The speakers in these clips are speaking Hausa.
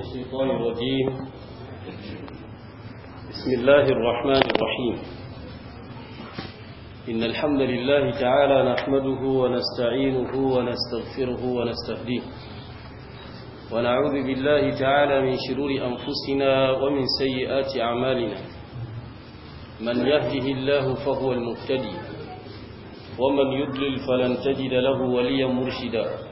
الشيطان الرجيم بسم الله الرحمن الرحيم إن الحمد لله تعالى نحمده ونستعينه ونستغفره ونستهديه ونعوذ بالله تعالى من شرور أنفسنا ومن سيئات أعمالنا من يهده الله فهو المهتدي ومن يضلل فلن تجد له وليا مرشدا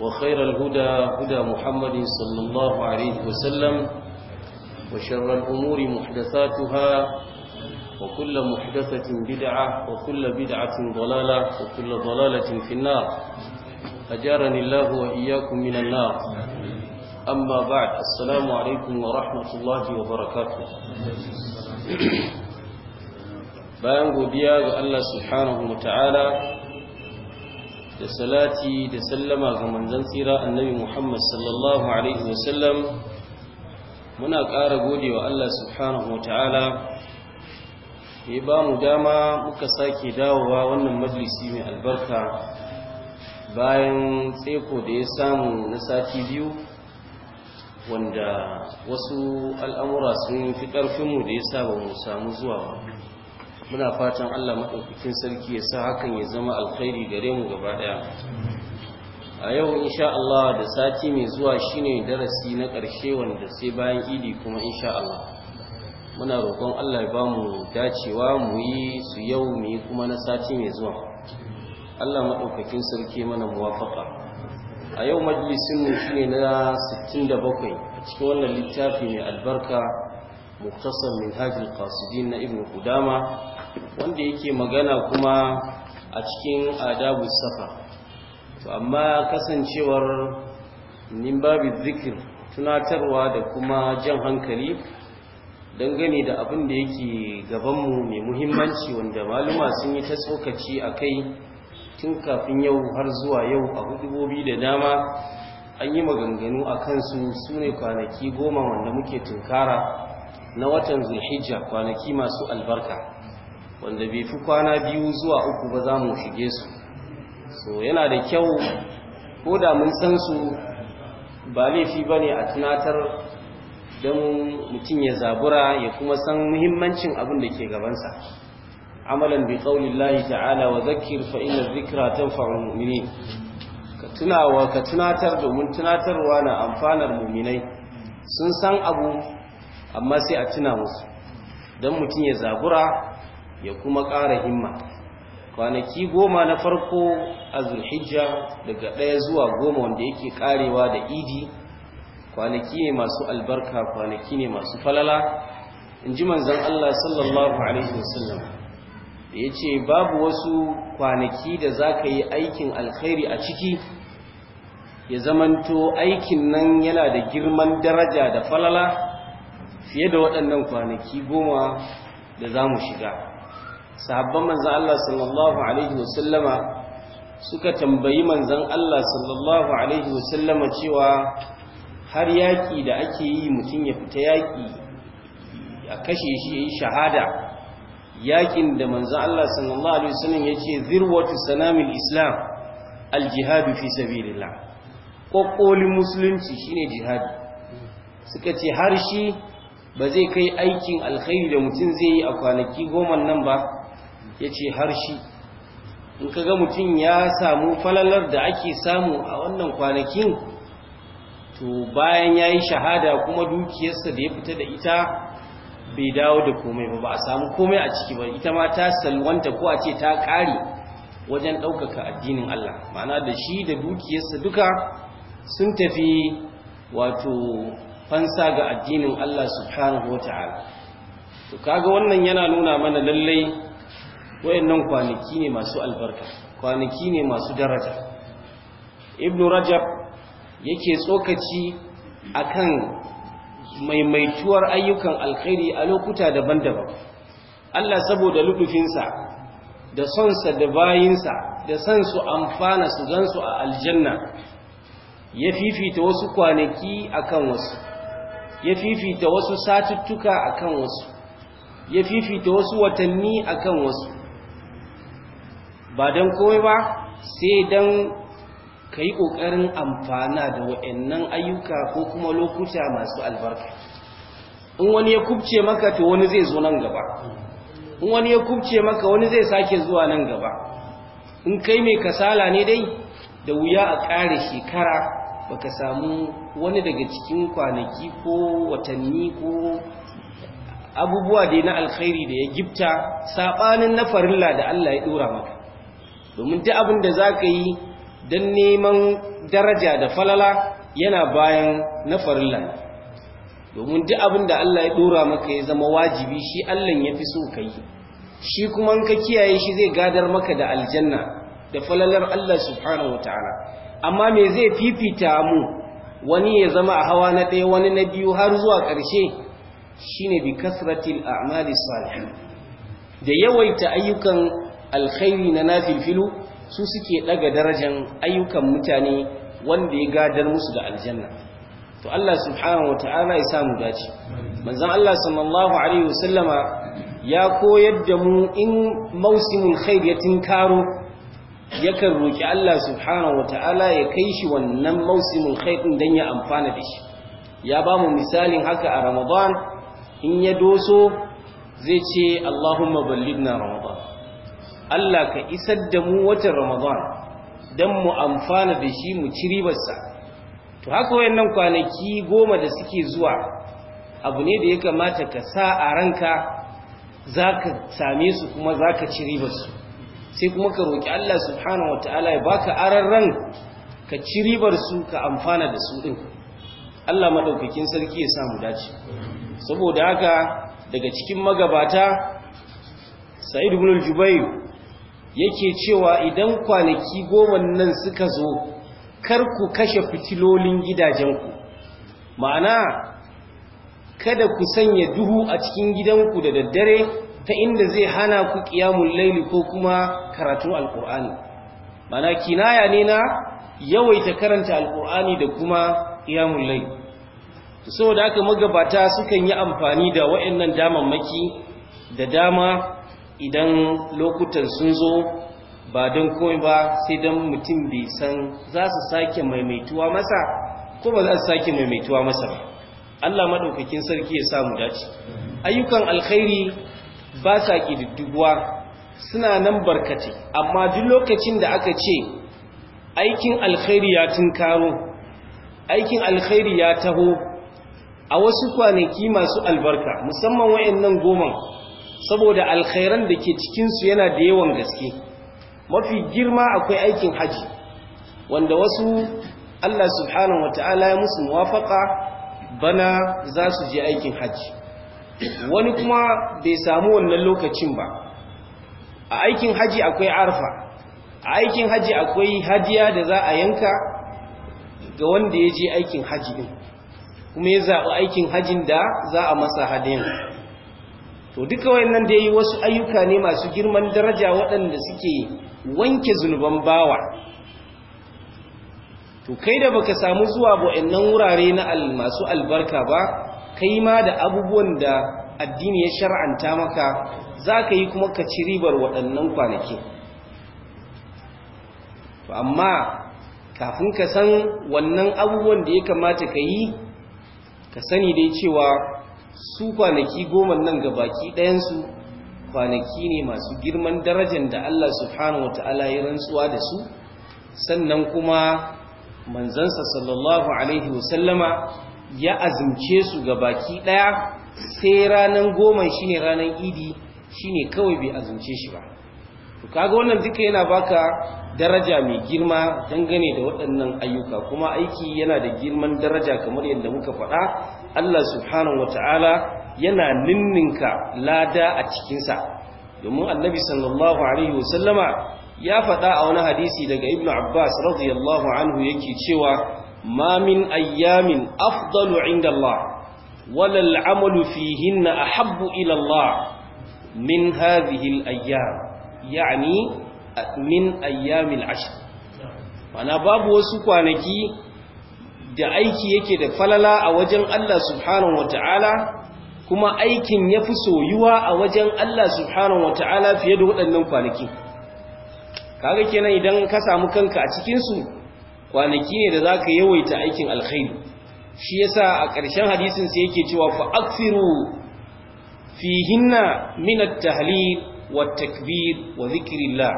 وخير الهدى هدى محمد صلى الله عليه وسلم وشر الأمور محدثاتها وكل محدثة بدعة وكل بدعة ضلالة وكل ضلالة في النار أجارني الله وإياكم من النار أما بعد السلام عليكم ورحمة الله وبركاته بانغو بياغ الله سبحانه وتعالى da salati da sallama ga manzon tsira annabi Muhammad sallallahu alaihi wasallam muna ƙara godewa Allah subhanahu wataala ya ba mu dama muka sake dawowa wannan majalisi mai albarka bayan tseko da ya samu na sati biyu wanda wasu al'amura sun fi ƙarfinmu da ya saba mu samu zuwa ba muna fatan Allah maɗaukakin sarki ya sa hakan ya zama alkhairi gare mu gaba ɗaya a yau insha Allah da sati mai zuwa shine darasi na ƙarshe wanda sai bayan idi kuma insha Allah muna roƙon Allah ya bamu dacewa mu yi su yau mu yi kuma na sati mai zuwa Allah maɗaukakin sarki mana muwafaka a yau Majalisunmu shi ne na 67 a cikin wannan littafi mai albarka muktasar min hajjil kasidin na ibn kudama wanda yake magana kuma a cikin adabu safa to amma kasancewar nimbabi zikir tunatarwa da kuma jan hankali dangane da abin da yake gabanmu mai muhimmanci wanda maluma sun yi ta tsokaci a kai tun kafin yau har zuwa yau a hudubobi da dama an yi maganganu a kansu su ne kwanaki goma wanda muke tunkara na watan zulhijja kwanaki masu albarka wanda bai fi kwana biyu zuwa uku ba za mu shige su so yana da kyau ko da mun san su ba laifi ba ne a tunatar don mutum ya zabura ya kuma san muhimmancin abin da ke gabansa amalan bi lahi ta'ala wa zakkir fa zikira ta tanfa'u mummini ka tunawa ka tunatar domin tunatarwa na amfanar mu'minai sun san abu amma sai a tuna musu don mutum ya zabura ya kuma ƙara himma kwanaki goma na farko a zurhijja daga ɗaya zuwa goma wanda yake ƙarewa da idi kwanaki ne masu albarka kwanaki ne masu falala in ji manzan Allah sallallahu Alaihi wasallam da ya ce babu wasu kwanaki da za ka yi aikin alkhairi a ciki ya zamanto aikin nan yana da girman daraja da falala fiye da waɗannan kwanaki goma da za mu shiga sahabban manzan Allah sallallahu alaihi wasallama suka tambayi manzan Allah sallallahu alaihi wasallama cewa har yaƙi da ake yi mutum ya fita yaƙi a kashe shi ya yi shahada yaƙin da manzan Allah sallallahu alaihi wasallam ya ce zirwatu sanamin islam aljihadu fi sabilillah ƙoƙolin musulunci shine jihadi suka ce har shi ba zai kai aikin alkhairi da mutum zai yi a kwanaki goma nan ba ya ce har shi in ka ga mutum ya samu falalar da ake samu a wannan kwanakin to bayan ya yi shahada kuma dukiyarsa da ya fita da ita bai dawo da komai ba ba a samu komai a ciki ba ita ma ta salwanta ko a ce ta ƙare wajen ɗaukaka addinin Allah ma'ana da shi da dukiyarsa duka sun tafi wato fansa ga addinin Allah subhanahu wa ta'ala to kaga wannan yana nuna mana lallai wayannan kwanaki ne masu albarka kwanaki ne masu daraja ibn rajab yake tsokaci akan maimaituwar ayyukan alkhairi a lokuta daban-daban Allah saboda lubufinsa da sonsa da bayinsa da san su amfana su gansu a aljanna ya fifita wasu kwanaki akan wasu ya fifita wasu satuttuka akan wasu ya fifita wasu watanni akan wasu ba don kowai ba sai don ka yi ƙoƙarin amfana da wa'annan ayyuka ko kuma lokuta masu albarka in wani ya kubce maka to wani zai zo nan gaba in wani ya kubce maka wani zai sake zuwa nan gaba in kai mai kasala ne dai da wuya a ƙare shekara baka samu wani daga cikin kwanaki ko watanni ko abubuwa dai na alkhairi da ya gifta saɓanin na farilla da Allah ya dora maka domin ta abin da za ka yi don neman daraja da falala yana bayan na farilla domin duk abin da Allah ya dora maka ya zama wajibi shi Allah ya fi so ka yi shi kuma ka kiyaye shi zai gadar maka da aljanna da falalar Allah subhanahu wataala amma me zai fifita mu wani ya zama a hawa na ɗaya wani na biyu har zuwa ƙarshe Shi shine bi kasratil a'mali salihin da yawaita ayyukan alkhairi na nafilfilu su suke daga darajan ayyukan mutane wanda ya gadar musu da aljanna to Allah subhanahu wata'ala ya samu dace manzon Allah sallallahu alaihi wasallama ya koyar da mu in mausimul khair ya tinkaro yakan roki Allah subhanahu wata'ala ya kai shi wannan mausimin khair din dan ya amfana da shi ya ba mu misalin haka a Ramadan in ya doso zai ce Allahumma ballighna Ramadan Allah ka isar da mu watan Ramadan don mu amfana da shi mu ci ribarsa to haka wayannan kwanaki goma da suke zuwa abu ne da ya kamata ka sa a ranka za ka same su kuma za ka ci ribarsu sai kuma ka roƙi Allah subhanahu wa ta'ala ya baka ran ka ci ribarsu ka amfana da su ɗin Allah maɗaukakin sarki ya samu dace saboda haka daga cikin magabata sa'id ibn al yake cewa idan kwanaki goma nan suka zo kar ku kashe fitilolin gidajenku ma'ana kada ku sanya duhu a cikin gidanku da daddare ta inda zai hana ku ƙiyamun laili ko kuma karatun alkur'ani mana kinaya ne na yawaita karanta alkur'ani da kuma kiyamun laili saboda haka magabata sukan yi amfani da waɗannan damammaki da dama idan lokutan sun zo ba don komai ba sai don mutum bai san za su sake maimaituwa masa ko ba za su sake maimaituwa masa ba Allah maɗaukakin sarki ya samu dace ayyukan alkhairi ba sa ƙididduguwa suna nan barkace amma duk lokacin da aka ce aikin alkhairi ya tunkaro aikin alkhairi ya taho a wasu kwanaki masu albarka musamman nan goma. saboda alkhairan da ke cikinsu yana da yawan gaske mafi girma akwai aikin haji wanda wasu Allah subhanahu wa ta'ala ya musu muwafaka bana za su je aikin haji wani kuma bai samu wannan lokacin ba a aikin haji akwai arfa a aikin haji akwai hajiya da za a yanka ga wanda ya je aikin haji din kuma ya zaɓi aikin hajin da za a masa hadiyan to duka wayannan da yi wasu ayyuka ne masu girman daraja waɗanda suke wanke zunuban bawa to kai da baka samu zuwa wayannan wurare na masu albarka ba kai ma da abubuwan da addini ya shar'anta maka za ka yi kuma ka ci ribar waɗannan kwanaki to amma kafin ka san wannan abubuwan da ya kamata ka yi ka sani dai cewa su kwanaki goma nan ga baki ɗayansu kwanaki ne masu girman darajar da Allah subhanahu wa ta'ala ya rantsuwa da su sannan kuma manzansa sallallahu alaihi wasallama ya azumce su ga baki ɗaya sai ranar goma shine ranar idi shine kawai bai azumce shi ba to kaga wannan duka yana baka daraja mai girma dangane da waɗannan ayyuka kuma aiki yana da girman daraja kamar yadda muka faɗa Allah subhanahu wata'ala yana ninninka lada a cikinsa domin annabi sallallahu alaihi wasallama ya faɗa a wani hadisi daga ibnu abbas radiyallahu anhu yake cewa ma min ayyamin afdalu inda Allah wala al'amalu fihinna ahabbu ila Allah min hadhihi al-ayyam yani min ayyamil ashr ana babu wasu kwanaki da aiki yake da falala a wajen Allah subhanahu wata'ala kuma aikin ya fi soyuwa a wajen Allah subhanahu wata'ala fiye da waɗannan kwanaki kaga kenan idan ka samu kanka a cikinsu kwanaki ne da za ka yawaita aikin alkhairi shi yasa a ƙarshen hadisin sai yake cewa fa'aksiru fihinna min at-tahlil wa takbir wa zikrillah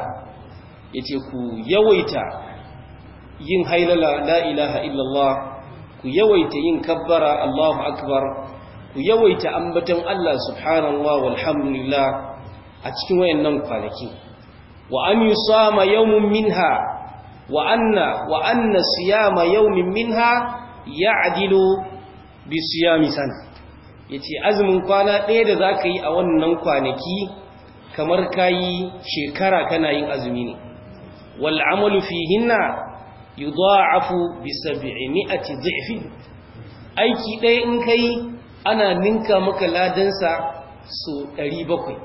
yace ku yawaita yin hailala la ilaha illallah ku yawaita yin kabbara Allahu akbar ku yawaita ambatan Allah subhanallah walhamdulillah a cikin wayannan kwanaki wa an yusama min minha wa anna wa anna siyama yawmin minha ya'dilu bi siyami sana yace azumin kwana ɗaya da zaka yi a wannan kwanaki kamar kayi shekara kana yin azumi ne wal fi hinna. yudha'afu bi 700 dhifin aiki ɗaya in kai ana ninka maka ladansa so 700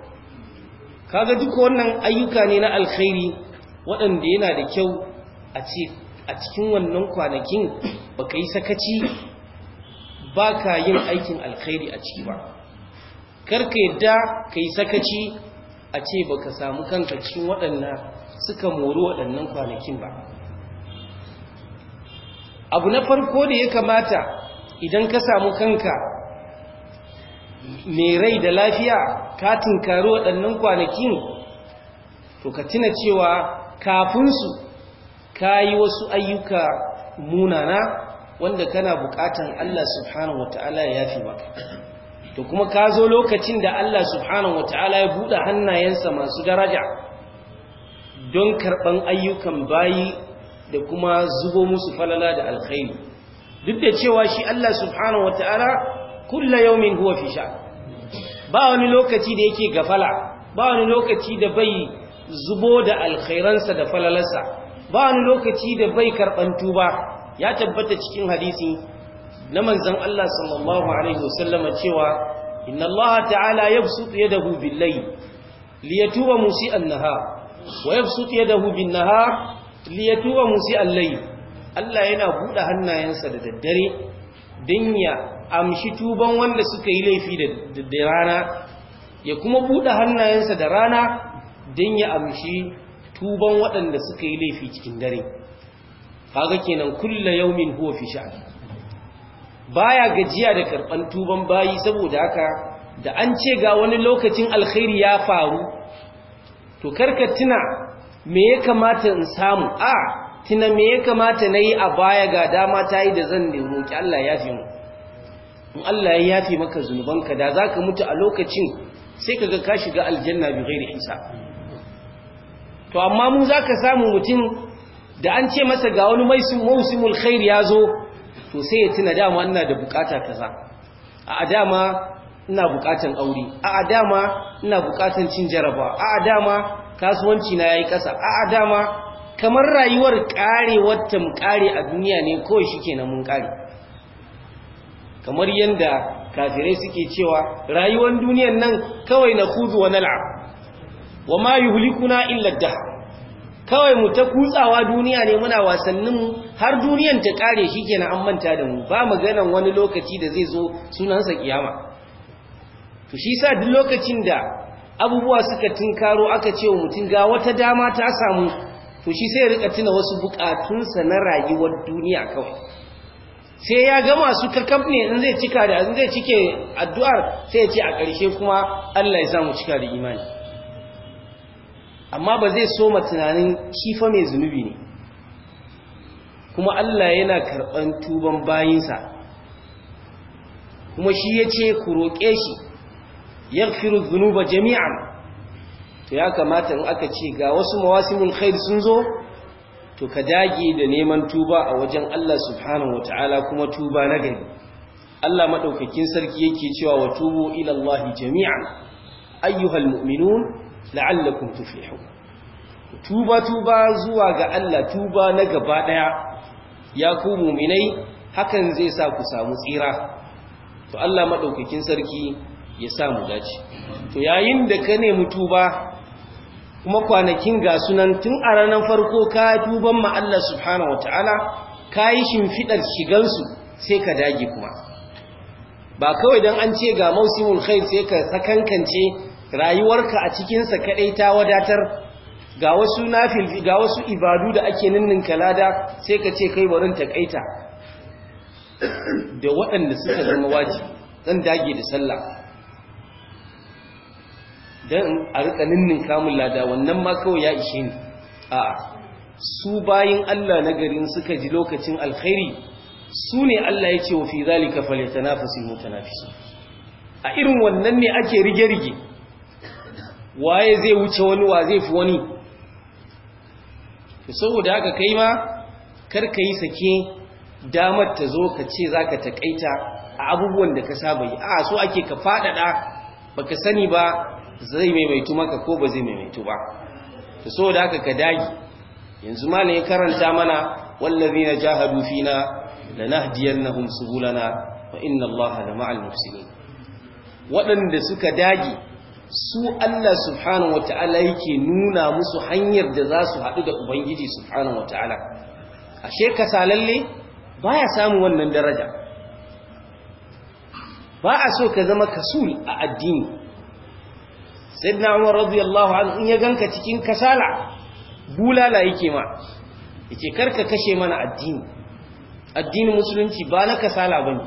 kaga duk wannan ayyuka ne na alkhairi waɗanda yana da kyau a ce a cikin wannan kwanakin baka yi sakaci baka yin aikin alkhairi a ciki ba karka yadda ka yi sakaci a ce baka samu kanka cikin waɗanda suka mori waɗannan kwanakin ba abu na farko da ya kamata idan ka samu kanka mai rai da lafiya ka tunkari waɗannan kwanakin to ka tuna cewa kafinsu ka yi wasu ayyuka munana wanda kana buƙatan Allah subhanahu wata'ala ya fi maka to kuma ka zo lokacin da Allah subhanahu wata'ala ya buɗe hannayensa masu daraja don karɓan ayyukan bayi da kuma zubo musu falala da alkhairi duk da cewa shi Allah subhanahu wataala kullu yawmin huwa fi sha ba wani lokaci da yake gafala ba wani lokaci da bai zubo da alkhairansa da falalarsa ba wani lokaci da bai karban tuba ya tabbata cikin hadisi na manzon Allah sallallahu alaihi cewa inna Allah ta'ala yabsutu yadahu bil-layl liyatuba musi'an nahar wa yabsutu yadahu bin-nahar liyatuba musi allai Allah yana buɗe hannayensa da daddare don ya amshi tuban wanda suka yi laifi da rana ya kuma buɗe hannayensa da rana don ya amshi tuban waɗanda suka yi laifi cikin dare Haka kenan kulla yaumin huwa fi sha'ani baya gajiya da karɓar tuban bayi saboda haka da an ce ga wani lokacin alkhairi ya faru to karka tuna me ya kamata in samu a tuna me ya kamata na yi a baya ga dama ta yi da zan ne roƙi Allah ya fi mu in Allah ya yafi maka zunubanka da za ka mutu a lokacin sai ka ga ka shiga aljanna bi gairi hisab to amma mu ka samu mutum da an ce masa ga wani mai mausimul khair zo, to sai ya tuna dama ina da bukata kaza a dama ina bukatan aure a dama ina bukatan cin jaraba a dama kasuwanci na ya yi ƙasa, a'a dama kamar rayuwar ƙare wata mu a duniya ne ko ke mun ƙare. kamar yadda kafirai suke cewa rayuwar duniyan nan kawai na kuzu wa nal'a wa ma yi hulikuna illadda kawai mu ta kutsawa duniya ne muna wasannin har duniyar ta kare shikenan an manta da mu ba maganan wani lokaci da zai zo sunansa kiyama to shi sa duk lokacin da abubuwa suka tinkaro aka ce wa mutum ga wata dama ta samu to shi sai rika tuna wasu bukatunsa na rayuwar duniya kawai sai ya gama su kakaf ne in zai cika da in zai cike addu'ar sai ya ce a ƙarshe kuma Allah ya samu cika da imani amma ba zai soma tunanin kifa mai zunubi ne kuma Allah yana karɓar tuban bayinsa kuma shi ya ce ku roƙe shi yaghfiru dhunuba jami'an to ya kamata in aka ce ga wasu mawasimul khair sun zo to ka dage da neman tuba a wajen Allah subhanahu wataala kuma tuba na gari Allah madaukakin sarki yake cewa wa tubu ila Allah jami'an ayyuhal mu'minun la'allakum tuflihun tuba tuba zuwa ga Allah tuba na gaba daya ya ku mu'minai hakan zai sa ku samu tsira to Allah madaukakin sarki ya sa mu dace to yayin da ka nemi tuba kuma kwanakin ga sunan tun a ranar farko ka tuban ma Allah subhanahu wataala ka yi shimfidar shigansu sai ka dage kuma ba kawai dan an ce ga mausimul khair sai ka sakankance rayuwarka a cikinsa kaɗai ta wadatar ga wasu nafil ga wasu ibadu da ake ninnin lada sai ka ce kai barin takaita da waɗanda suka zama waji zan dage da sallah don a rika ninnin kamun lada wannan ma kawai ya ishe ni a su bayan Allah na garin suka ji lokacin alkhairi su ne Allah ya ce wa fi zalika falyatanafasul mutanafisun a irin wannan ne ake rige-rige waye zai wuce wani wa zai fi wani saboda haka kai ma kar ka yi sake damar ta zo ka ce za ka taƙaita a abubuwan da ka saba yi a so ake ka faɗaɗa ba ka sani ba zai maimaitu maka ko ba zai maimaitu ba to so haka ka dagi yanzu ma ne karanta mana wallazina jahadu fina lanahdiyannahum subulana wa inna allaha ma'al muhsinin waɗanda suka dagi su Allah subhanahu wata'ala yake nuna musu hanyar da za su haɗu da Ubangiji subhanahu wata'ala ashe ba baya samu wannan daraja ba a so ka zama kasul a addini sayyidina umar radiyallahu anhu in ya ganka cikin kasala bulala yake ma yake karka kashe mana addini addinin musulunci ba na kasala bane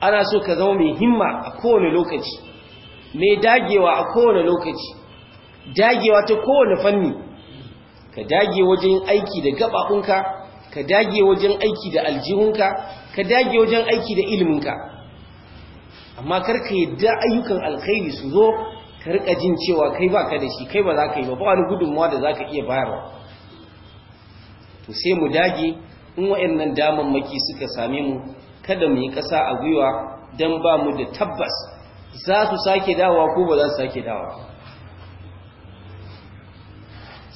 ana so ka zama mai himma a kowane lokaci mai dagewa a kowane lokaci dagewa ta kowane fanni ka dage wajen aiki da gababunka ka dage wajen aiki da aljihunka ka dage wajen aiki da iliminka amma karka yadda ayyukan alkhairi su zo ka rika jin cewa kai baka da shi kai ba za ka yi ba ba wani gudunmawa da za ka iya bayarwa to sai mu dage in nan damammaki suka same mu kada mu yi ƙasa a gwiwa don ba mu da tabbas za su sake dawa ko ba za su sake dawa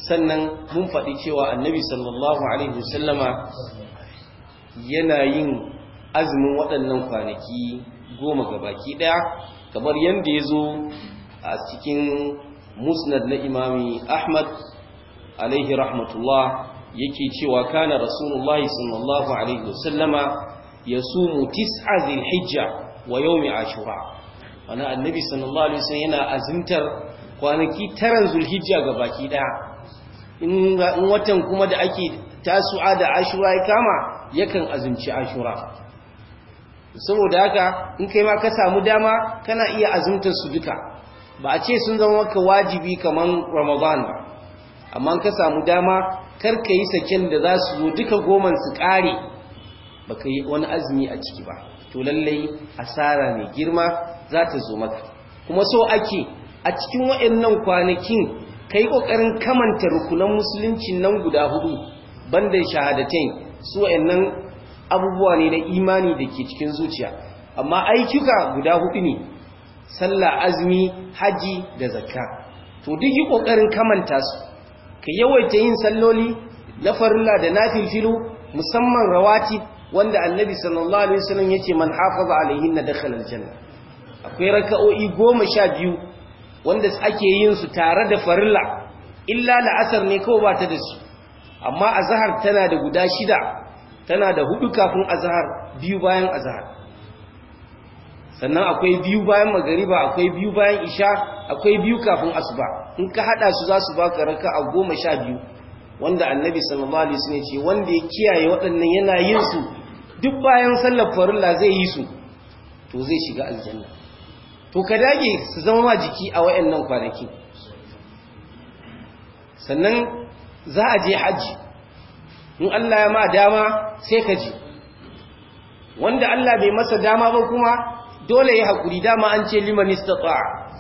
sannan mun faɗi cewa annabi sallallahu alaihi wasallama yana yin azumin waɗannan kwanaki goma ga baki ɗaya kamar yadda ya zo a cikin musnad na imami ahmad alaihi rahmatullah yake cewa kana rasulullahi sallallahu alaihi wasallama mutis tis'a zilhijja wa yawmi ashura Wani annabi sallallahu alaihi wasallam yana azimtar kwanaki taran hijja ga baki daya in watan kuma da ake tasu'a da ashura ya kama yakan azimci ashura saboda haka in kai ma ka samu dama kana iya azimtar su duka ba a ce sun zama maka wajibi kamar ramadan ba amma ka samu dama kar ka yi saken da za su zo duka goman su kare ba ka yi wani azumi a ciki ba to lallai asara mai girma za ta zo maka kuma so ake a cikin waɗannan kwanakin ka yi ƙoƙarin kamanta rukunan musulunci nan guda hudu banda shahadatai su nan abubuwa ne na imani da ke cikin zuciya amma aikuka guda hudu ne sallah azumi haji da zakka to duk yi kokarin kamanta su ka yawaita yin salloli na farilla da filu musamman rawati wanda annabi sallallahu alaihi wasallam yace man hafaza alaihin dakhala aljanna akwai raka'o'i 12 wanda ake yin su tare da farilla illa la'asar ne kawai ba ta da su amma azhar tana da guda shida tana da hudu kafin azhar biyu bayan azhar sannan akwai biyu bayan magariba akwai biyu bayan isha akwai biyu kafin asuba in ka hada su za su baka raka a goma sha biyu wanda annabi sallallahu alaihi wasallam ce wanda ya kiyaye waɗannan yana yin su duk bayan sallar farilla zai yi su to zai shiga aljanna to ka dage su zama ma jiki a wayannan kwanaki sannan za a je Hajji, in Allah ya ma dama sai ka je wanda Allah bai masa dama ba kuma dole ya haƙuri dama an ce liman istata'a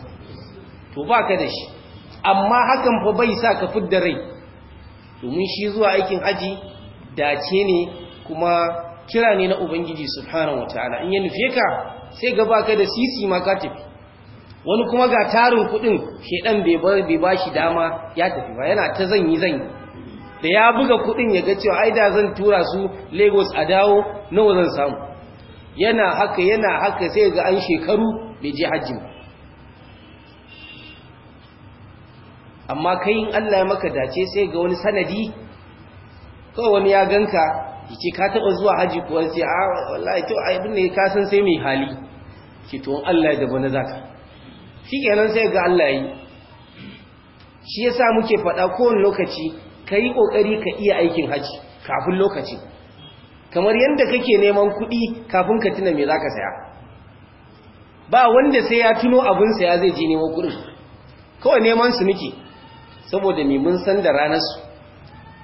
to baka da shi amma hakan fa bai sa ka fidda rai domin shi zuwa aikin haji dace ne kuma kira ne na ubangiji subhanahu wataala in ya nufe ka sai ga baka da sisi ma ka tafi wani kuma ga tarin kudin shedan bai ba shi dama ya tafi ba yana ta zanyi zanyi da ya buga kudin ya ga cewa ai da zan tura su Lagos a dawo nawa zan samu yana haka yana haka sai ga an shekaru bai je hajji amma kai in Allah ya maka dace sai ga wani sanadi kawai wani ya ganka ce ka taɓa zuwa haji wani sai a wallahi to ai bin ne ka san sai mai hali ki to Allah ya dabo na zaka shikenan sai ga Allah ya yi shi yasa muke faɗa kowane lokaci ka yi kokari ka iya aikin hajji kafin lokaci kamar yadda kake neman kuɗi kafin ka tuna mai za ka saya ba wanda sai ya tuno abin saya zai ji neman kuɗin kawai neman su muke saboda mai mun san da ranarsu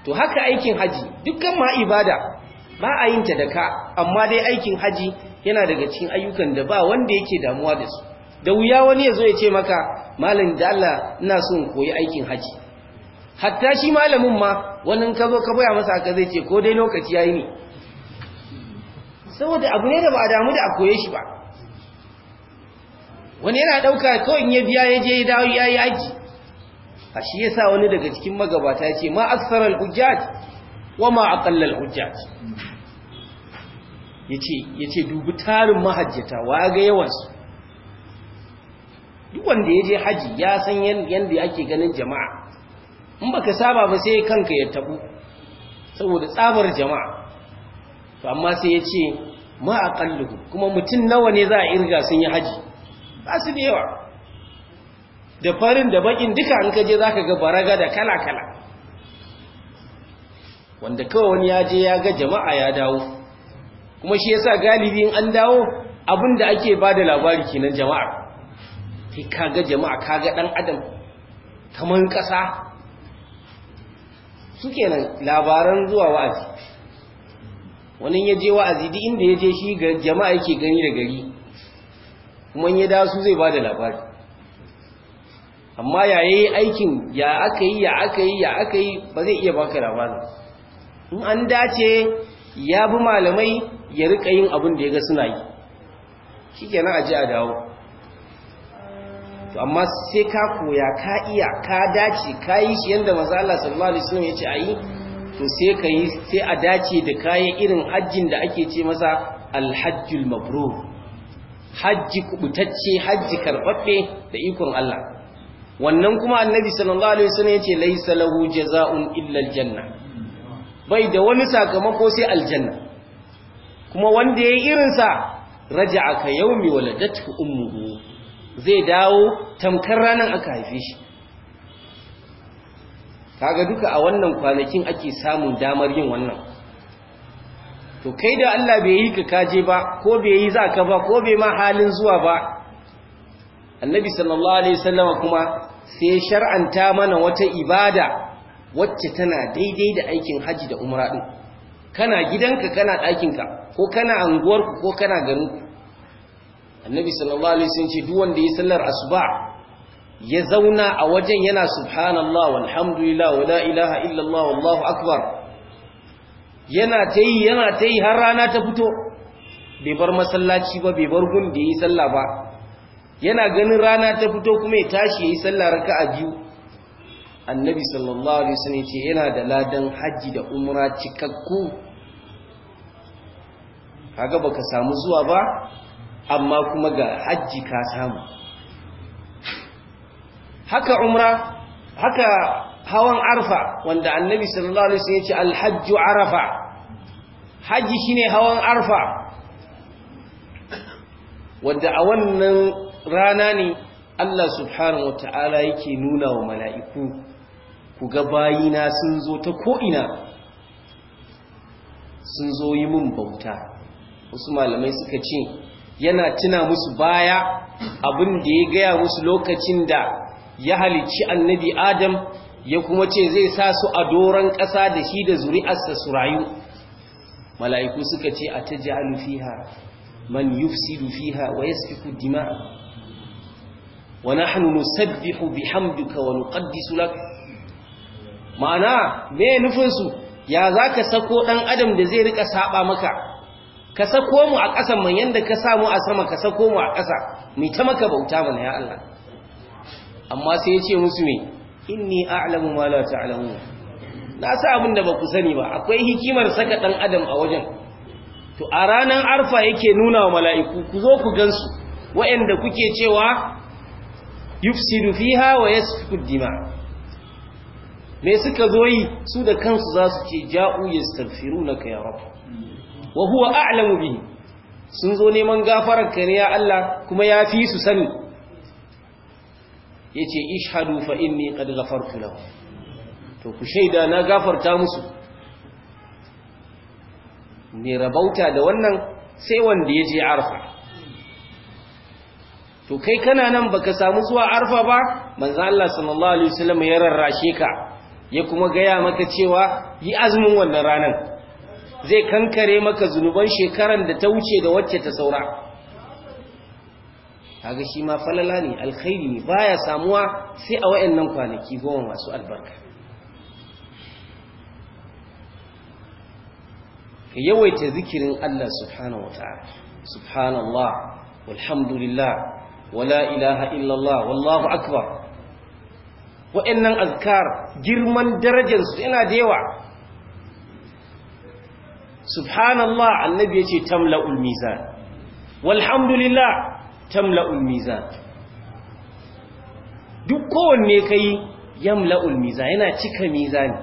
to haka aikin haji dukkan ma ibada ba a yin da ka amma dai aikin haji yana daga cikin ayyukan da ba wanda yake damuwa da su da wuya wani ya zo ya ce maka malam da Allah ina so in koyi aikin haji hatta shi malamin ma wani ka zo ka baya masa haka zai ce ko dai lokaci yayi ne saboda abu ne da ba a damu da a koye shi ba wani yana ɗauka kawai in ya biya ya je ya dawo ya yi aji a shi yasa wani daga cikin magabata ya ce ma aksarar hujjaj wa ma aƙallar hujjaj ya ce dubi tarin mahajjata wa ga yawansu duk wanda ya je haji ya san yadda ake ganin jama'a in baka saba ba sai kanka ya tabu saboda tsabar jama'a to amma sai ya ce ma a aqalluhu kuma mutum nawa ne za a irga sun yi haji ba su da yawa da farin da bakin duka an kaje ka ga baraga da kala kala wanda kawai wani ya je ya ga jama'a ya dawo kuma shi yasa galibi an dawo abinda ake bada labari kenan jama'a kai kaga jama'a kaga ɗan adam kamar ƙasa? su nan labaran zuwa wa'azi wani ya je wa'azi duk inda ya je shi ga jama'a yake gani da gari kuma ya da su zai ba da labari amma ya yi aikin ya aka yi ya aka yi ya aka yi ba zai iya baka labarin in an dace ya bi malamai ya rika yin abin da ya ga suna yi shi kenan a ji a dawo to amma sai ka koya ka iya ka dace ka yi shi yadda maza Allah sallallahu alaihi wasallam ya ce a yi to sai ka yi sai a dace da kayan irin hajjin da ake ce masa alhajjul mabrur hajji kubutacce hajji karbabbe da ikon Allah wannan kuma annabi sallallahu alaihi wasallam yace laysa lahu jazaa'un illa aljanna bai da wani sakamako sai aljanna kuma wanda yayi irin sa raja'a ka yaumi waladatuka ummuhu zai dawo tamkar ranan aka haife shi kaga duka a wannan kwanakin ake samun damar yin wannan to kai da Allah bai yi ka kaje ba ko bai yi za ka ba ko bai ma halin zuwa ba annabi sallallahu alaihi wasallama kuma sai shar'anta mana wata ibada wacce tana daidai da aikin haji da umra din kana gidanka kana ɗakinka ko kana anguwarku ko kana garinku annabi sallallahu alaihi wasallam ce duk wanda ya sallar asuba ya zauna a wajen yana subhanallah walhamdulillah wala ilaha illallah wallahu akbar yana ta yi yana ta yi har rana ta fito bai bar masallaci ba bai bar gun da yi sallah ba yana ganin rana ta fito kuma ya tashi ya yayi sallah raka'a biyu annabi sallallahu alaihi wasallam ce yana da ladan hajji da umra cikakku kaga baka samu zuwa ba amma kuma ga hajji ka samu haka umra haka hawan arfa wanda annabi sallallahu alaihi wasallam ya ce alhajju arafa haji shine hawan arfa wanda a wannan rana ne Allah subhanahu wataala yake nuna wa mala'iku ku ga bayina sun zo ta ko'ina sun zo yi mun bauta wasu malamai suka ce yana tuna musu baya abin da ya gaya musu lokacin da ya halicci annabi adam ya kuma ce zai sa su a doron ƙasa da shi da zuri'arsa su rayu mala'iku suka ce a ta fiha man yufsidu fiha wa yasfiku dima'a wa nahnu nusabbihu bihamdika wa nuqaddisu lak ma'ana me nufin su ya zaka sako dan adam da zai rika saba maka ka sako mu a ƙasan man yanda ka samu a sama ka sako mu a ƙasa mu ta maka bauta mana ya Allah amma sai ya ce musu ne inni a'lamu ma la ta'lamun na sa abin da ba ku sani ba akwai hikimar saka dan adam a wajen to a ranar arfa yake nuna wa mala'iku ku zo ku gansu wa'anda kuke cewa yufsidu fiha wa yasfiku dima me suka zo yi su da kansu za su ce ja'u yastaghfirunaka ya rabb wa huwa a'lamu bihi sun zo neman gafarar ka ne ya Allah kuma ya fi su sani Ya yace ishadu fa’in ne qad ghafartu lahu to ku shaida na gafarta musu ne rabauta da wannan sai wanda ya je arfa to kai kana nan baka samu zuwa arfa ba manzo Allah sallallahu alaihi wasallam ya rarrashe ka ya kuma gaya maka cewa yi azumin wannan ranan zai kankare maka zunuban shekaran da ta wuce da wacce ta saura kaga shi ma falala ne alkhairi ne baya samuwa sai a wayannan kwanaki goma masu albarka ka yawaita zikirin Allah subhanahu wataala subhanallah walhamdulillah wala ilaha illallah wallahu akbar wayannan azkar girman darajar su yana da yawa subhanallah annabi yace tamla'ul mizan walhamdulillah tamla'ul mizan duk kowanne kai yamla'ul mizan yana cika mizani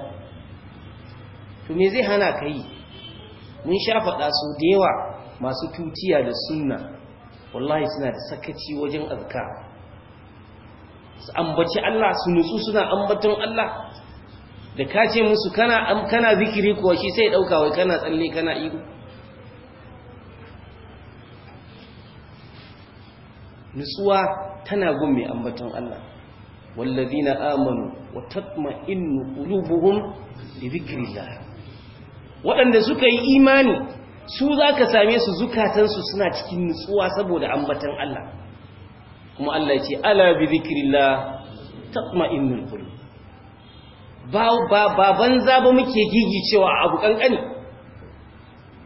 to me zai hana ka yi mun sha su da yawa masu tutiya da sunna wallahi suna da sakaci wajen azka su ambaci Allah su nutsu suna ambaton Allah da ka ce musu kana kana zikiri kuwa shi sai ɗauka wai kana tsalle kana iko? nutsuwa tana gun mai ambaton Allah na amanu wa tatma'innu da bi dhikrillah waɗanda suka yi imani su za ka same su zukatansu suna cikin nutsuwa saboda ambaton Allah kuma Allah ce ala bi dhikrillah inu qulub ba banza ba muke gigi cewa abu ƙanƙani?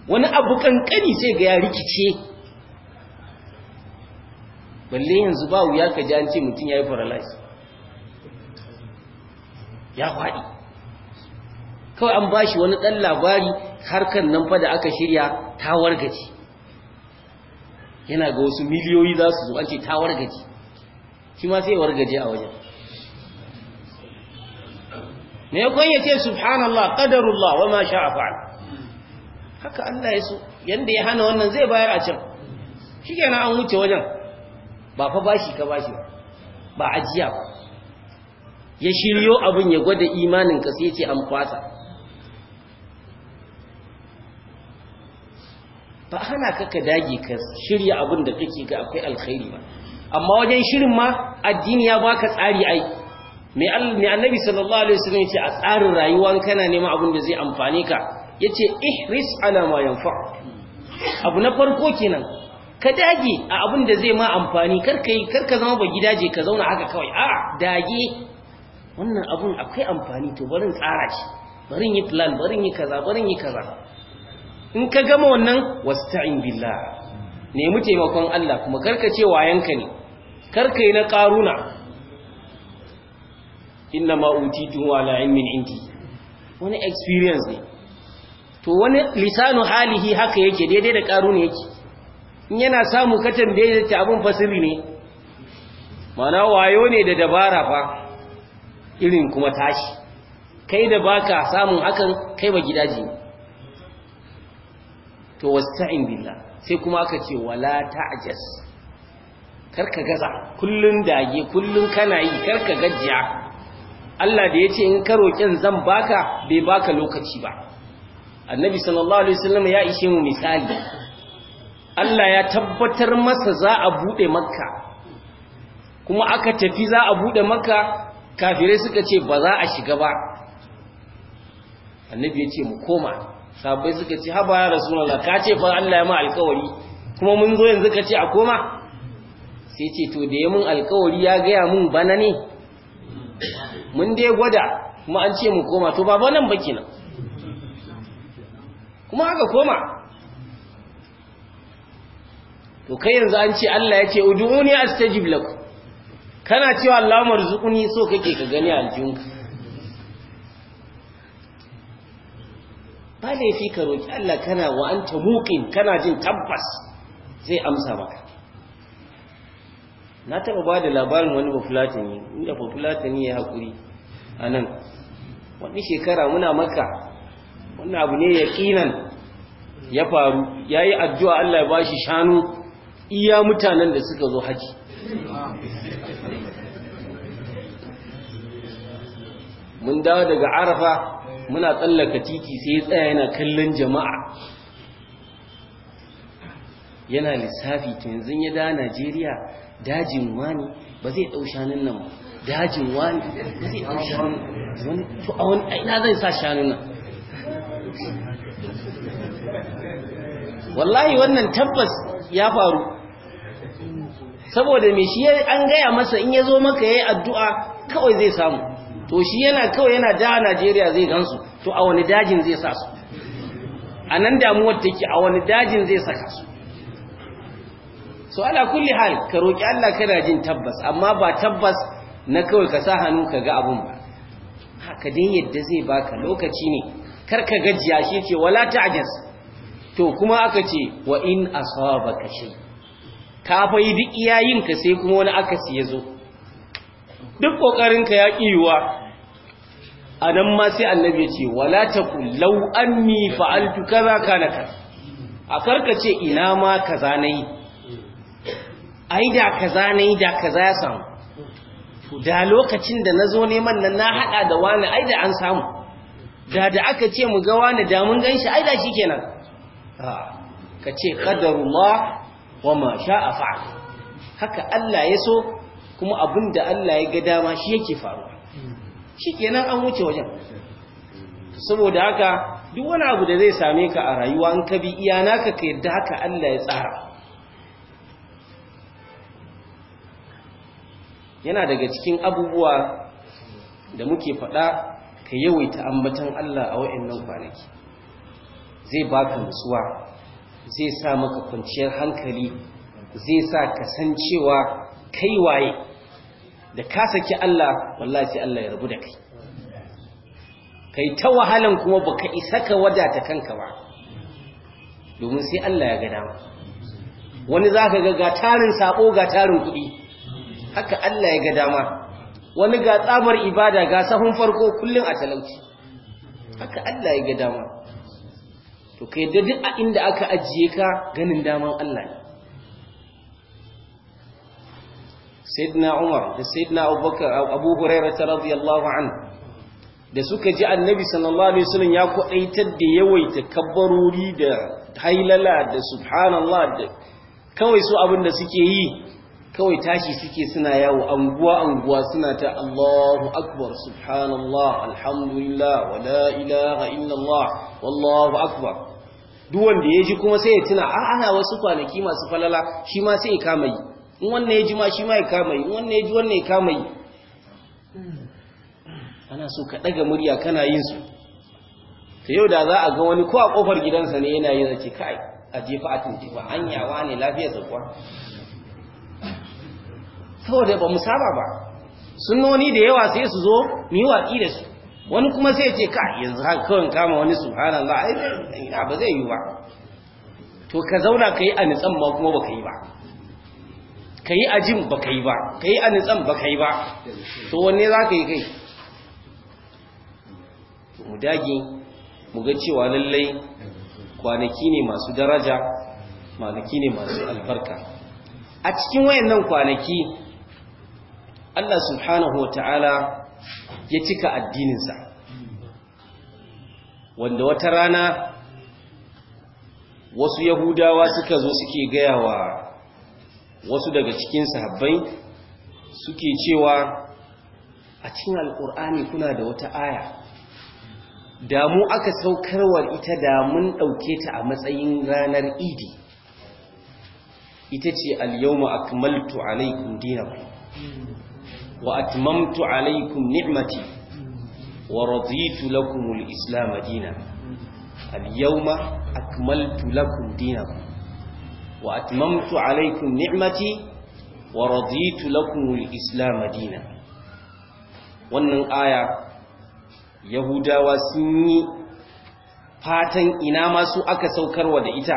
wani abu ƙanƙani sai ga ya rikice balle yanzu ba wuya ka ji an ce mutum ya yi paralyze ya faɗi kawai an ba shi wani ɗan labari harkar nan fa da aka shirya ta wargaji yana ga wasu miliyoyi za su zo an ce ta wargaji shi ma sai gaji a wajen ne kun ya ce subhanallah ƙadarullah wa ma a fa'al haka Allah ya so yanda ya hana wannan zai bayar a can shi na an wuce wajen ba fa bashi ka bashi ba ajiya ba ya shiryo abin ya gwada imanin ka sai ce an kwasa ba hana ka ka dage ka shirya abin da kake ga akwai alkhairi ba amma wajen shirin ma addini ya baka tsari ai mai annabi sallallahu alaihi wasallam yace a tsarin rayuwa kana neman abin da zai amfane ka yace ihris ala ma yanfa abu na farko kenan ka dage a abin da zai ma amfani kar ka zama ba gidaje ka zauna haka kawai a dage wannan abin akwai amfani to barin tsara shi barin yi plan barin yi kaza barin yi kaza in ka gama wannan wasta'in billah nemi taimakon Allah kuma karka ce wayanka ne karka yi na karuna inna ma utitu ala ilmin indi wani experience ne to wani lisanu halihi haka yake daidai da karuna yake in yana samu ka ya ta abin fasiri ne mana wayo ne da dabara fa irin kuma tashi kai da baka samun hakan kai ba gidaje to wasta'in billah sai kuma aka ce wala ta'jas karka gaza kullun dage kullun kana yi karka gajiya Allah da yace in ka roƙin zan baka bai baka lokaci ba Annabi sallallahu alaihi wasallam ya ishe mu misali Allah ya tabbatar masa za a buɗe makka kuma aka tafi za a buɗe makka kafirai suka ce ba za a shiga ba annabi ya ce mu koma sabai suka ce haba ya rasulullah ka ce fa Allah ya ma alkawari kuma mun zo yanzu ka ce a koma sai ce to da ya mun alkawari ya gaya mun bana ne mun dai gwada kuma an ce mu koma to ba nan ba kenan kuma aka koma to kai yanzu an ce Allah ya ce ud'uni astajib lakum kana cewa Allah marzuquni so kake ka gani aljunka ba laifi ka roki Allah kana wa anta muqin kana jin tabbas zai amsa ba. na taba ba da labarin wani bafulatani inda bafulatani ya haƙuri a nan wani shekara muna maka wani abu ne ya ya faru ya yi addu'a Allah ya ba shi shanu iya mutanen da suka zo haji mun dawo daga arafa muna tsallaka titi sai ya tsaya yana kallon jama'a yana lissafi ta yanzu ya da najeriya dajin wani ba zai ɗau shanun nan ba dajin wani ba zai ɗau shanun wani to a wani aina zai sa shanun nan wallahi wannan tabbas ya faru saboda mai shi an gaya masa in ya zo maka ya yi addu'a kawai zai samu to shi yana kawai yana da najeriya zai gansu to a wani dajin zai sa su a nan damuwar take a wani dajin zai saka su so ala kulli hal ka roƙi allah kana jin tabbas amma ba tabbas na kawai ka sa hannu ka ga abun ba haka dai yadda zai baka lokaci ne kar ka gajiya shi ce wala ta'jaz to kuma aka ce wa in asabaka shay' ka fa yi duk ka sai kuma wani akasi ya zo duk ƙoƙarinka ya kiwa anan ma sai annabi ce wala taqul law anni fa'altu kaza kana ka a ce ina ma kaza nayi ai da kaza nayi da kaza ya samu da lokacin da nazo neman nan na hada da wani ai da an samu da da aka ce mu ga wani da mun ganshi ai da shikenan ka ce qadarullah wa ma sha'a fa'al haka Allah ya so kuma abinda Allah ya ga dama shi yake faruwa shikenan an wuce wajen saboda haka duk wani abu da zai same ka a rayuwa in ka bi iya naka ka yadda haka Allah ya tsara yana daga cikin abubuwa da muke faɗa ka yawaita ambatan Allah a wa'annan kwanaki zai baka nutsuwa zai sa maka kwanciyar hankali zai sa ka san cewa kai waye da ka saki Allah wallahi Allah ya rubu da kai kai ta wahalan kuma baka isa ka wadata kanka ba domin sai Allah ya ga dama wani zaka ga ga tarin sako ga tarin kuɗi haka Allah ya ga dama wani ga tsamar ibada ga sahun farko kullun a talauci haka Allah ya ga dama to ka yadda duk a inda aka ajiye ka ganin daman Allah ne sayyidina Umar da sayyidina Abubakar Abu Hurairah radiyallahu anhu da suka ji annabi sallallahu alaihi wasallam ya kwadaitar da yawaita kabbarori da hailala da subhanallah da kawai su abin da suke yi kawai tashi suke suna yawo anguwa anguwa suna ta Allahu akbar subhanallah alhamdulillah wala ilaha illallah wallahu akbar duk da ya ji kuma sai ya tuna a ah, ana wasu kwanaki masu falala shi ma sai ya kama yi in wannan ya ji ma shi ma ya kama yi in wannan ya ji wannan ya kama yi ana so ka ɗaga murya kana yin su ta yau da za a ga wani ko a ƙofar gidansa ne yana yin zace kai a jefa a an yawa ne lafiyar zakuwa saboda ba mu saba ba noni da yawa sai su zo mu yi watsi da su wani kuma sai ce ka yanzu haka kawai kama wani subhanallah ai ina ba zai yi ba to ka zauna ka yi a nitsan ma kuma ba ka yi ba ka yi a jin ba ka yi ba ka yi a nitsan ba ka yi ba to wanne za ka yi kai mu dage mu ga cewa lallai kwanaki ne masu daraja kwanaki ne masu albarka a cikin wayannan kwanaki Allah subhanahu wa ta'ala ya cika addininsa wanda wata rana wasu yahudawa suka zo suke gaya wa wasu daga cikin sahabbai suke cewa a cikin alkur'ani kuna da wata aya damu aka saukarwar ita da mun ɗauke ta a matsayin ranar idi ita ce al ma akmaltu alaikun dinar wa atmamtu alaikum ni'mati wa raditu lakum islam dinan al akmaltu lakum dinakum wa atmamtu alaikum ni'mati wa lakum islam wannan aya yahudawa sun yi fatan ina ma su aka saukarwa da ita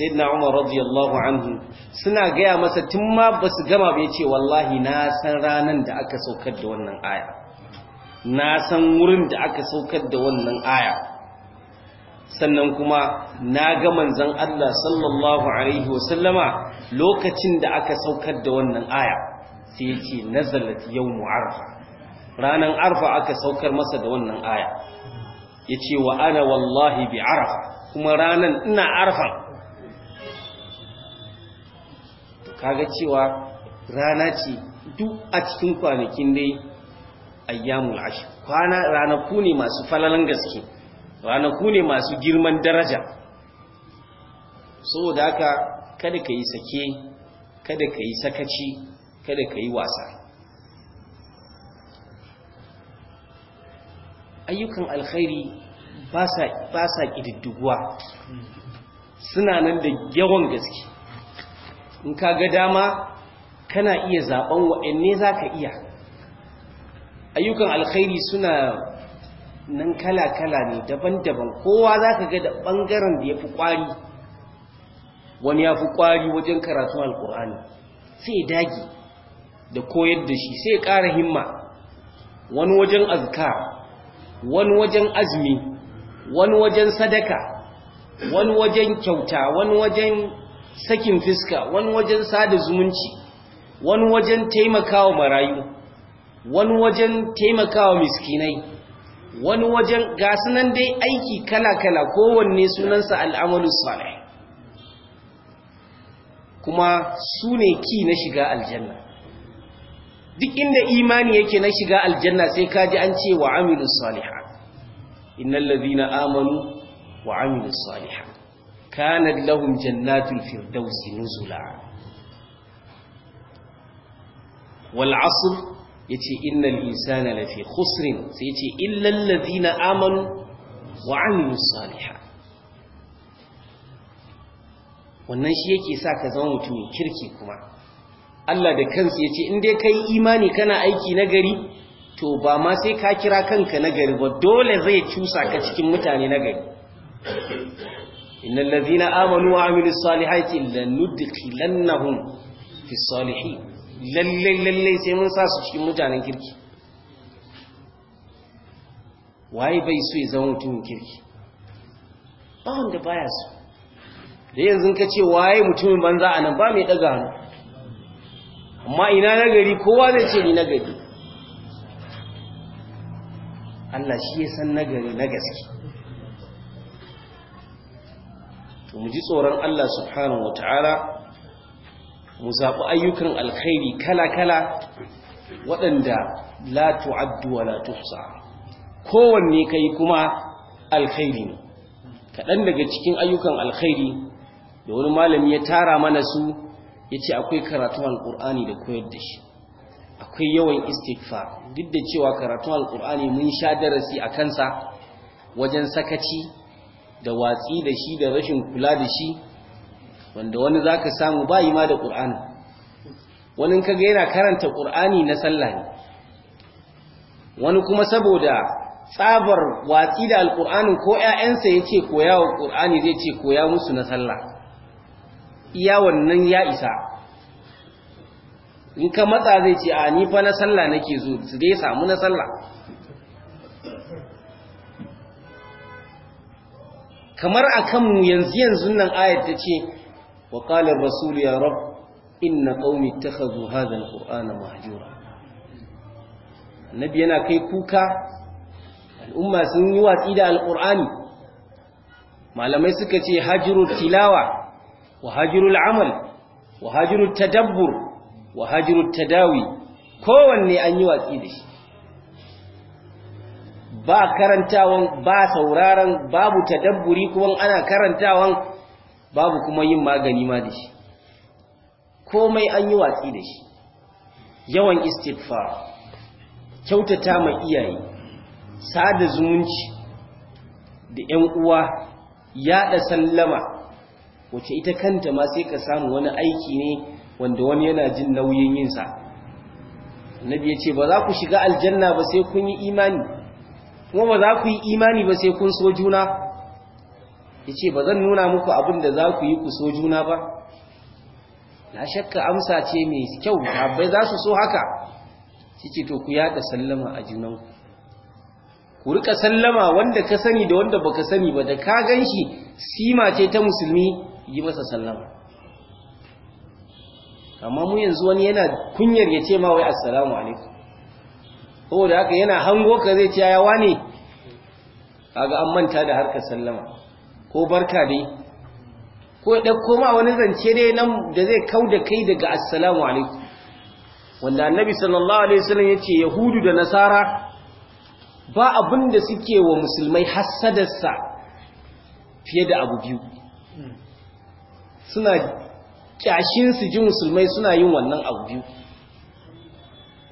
sayyidina umar radiyallahu anhu suna gaya masa tun ma su gama bai ce wallahi na san ranan da aka saukar da wannan aya na san wurin da aka saukar da wannan aya sannan kuma na ga manzan Allah sallallahu alaihi wasallama lokacin da aka saukar da wannan aya sai ce nazalat yawmu arfa ranan arfa aka saukar masa da wannan aya yace wa ana wallahi bi arfa kuma ranan ina arfan kaga cewa rana ce duk a cikin kwanakin dai ayyamul ashir kwana ranaku ne masu falalan gaske ranaku ne masu girman daraja saboda haka kada ka yi sake kada ka yi sakaci kada ka yi wasa ayyukan alkhairi ba sa ƙididdiguwa suna nan da yawan gaske in ka ga dama kana iya zaɓen ne za ka iya ayyukan alkhairi suna nan kala-kala ne daban-daban kowa za ka ga da ɓangaren da ya fi ƙwari wani ya fi ƙwari wajen karatun Alƙur'ani sai dagi da koyar da shi sai ƙara himma wani wajen azka wani wajen azumi wani wajen sadaka wani wajen kyauta wani wajen sakin fiska wani wajen sada zumunci wani wajen taimakawa marayu wani wajen taimakawa miskinai wani wajen ga sunan dai aiki kala-kala kowanne sunansa al'amalu salih kuma su ne ki na shiga aljanna duk inda imani yake na shiga aljanna sai kaji an ce wa amilu saliha innal ladina amanu wa amilu saliha kanat lahum jannatul firdausi nuzula wal asr yace innal insana lafi khusrin sai yace illal ladina amanu wa amilus salihah wannan shi yake sa ka zama mutumin kirki kuma Allah da kansa yace in dai kai imani kana aiki nagari to ba ma sai ka kira kanka nagari ba dole zai cusa ka cikin mutane nagari innal ladhina amanu wa amilus salihati lanudkhilannahum fis salihin lalle lalle sai mun sa su cikin mutanen kirki waye bai so ya zama mutumin kirki ba wanda baya so da yanzu ka ce waye mutumin banza a nan ba mai daga hannu amma ina nagari kowa zai ce ni nagari Allah shi ya san nagari na gaske to mu ji tsoron Allah subhanahu Ta'ala, mu zaɓi ayyukan alkhairi kala-kala waɗanda la tu'addu wa la tuhsa kowanne kai kuma alkhairi ne kaɗan daga cikin ayyukan alkhairi da wani malami ya tara mana su ya ce akwai karatu alƙur'ani da koyar da shi akwai yawan istighfar duk da cewa karatu alƙur'ani mun sha darasi a kansa wajen sakaci da watsi da shi da rashin kula da shi wanda wani za ka samu yi ma da ƙur'ani wani kaga yana karanta ƙur'ani na sallah ne wani kuma saboda tsabar watsi da alƙur'anin ko ‘ya'yansa ya ce koya wa ƙur'ani zai ce koya musu na sallah iya wannan ya isa in ka matsa zai ce a nifa na sallah nake zo su dai samu na sallah kamar akan mu yanzu yanzu nan ayat ta ce wa qala rasul ya rab inna qaumi ittakhadhu hadha alqur'ana mahjura annabi yana kai kuka al'umma sun yi watsi da alqur'ani malamai suka ce hajru tilawa wa hajru al'amal wa hajru tadabbur wa hajru tadawi kowanne an yi watsi da shi ba karantawan ba sauraron babu tadabburi kuma ana karantawan babu kuma yin magani ma da shi komai an yi watsi da shi yawan istighfar kyautata mai iyaye sada zumunci da 'yan uwa yaɗa sallama wace ita kanta ma sai ka samu wani aiki ne wanda wani yana jin nauyin yinsa nabi ya ce ba za ku shiga aljanna ba sai kun yi imani kuma ba za ku yi imani ba sai kun so juna ya ce ba zan nuna muku abin da za ku yi ku so juna ba na shakka amsa ce mai kyau abai za su so haka ce to ku yada sallama a junanku ku rika sallama wanda ka sani da wanda baka sani ba da ka shi sima ce ta musulmi yi masa sallama amma mu yanzu wani yana kunyar ya ce ma wai assalamu alaikum saboda haka yana hango ka zai ce ya wani kaga an manta da harkar sallama ko barka dai ko ya ɗauko ma wani zance dai nan da zai kau da kai daga assalamu alaikum wanda annabi sallallahu alaihi wasallam ya ce yahudu da nasara ba abin da suke wa musulmai hassadarsa fiye da abu biyu suna kyashin su ji musulmai suna yin wannan abu biyu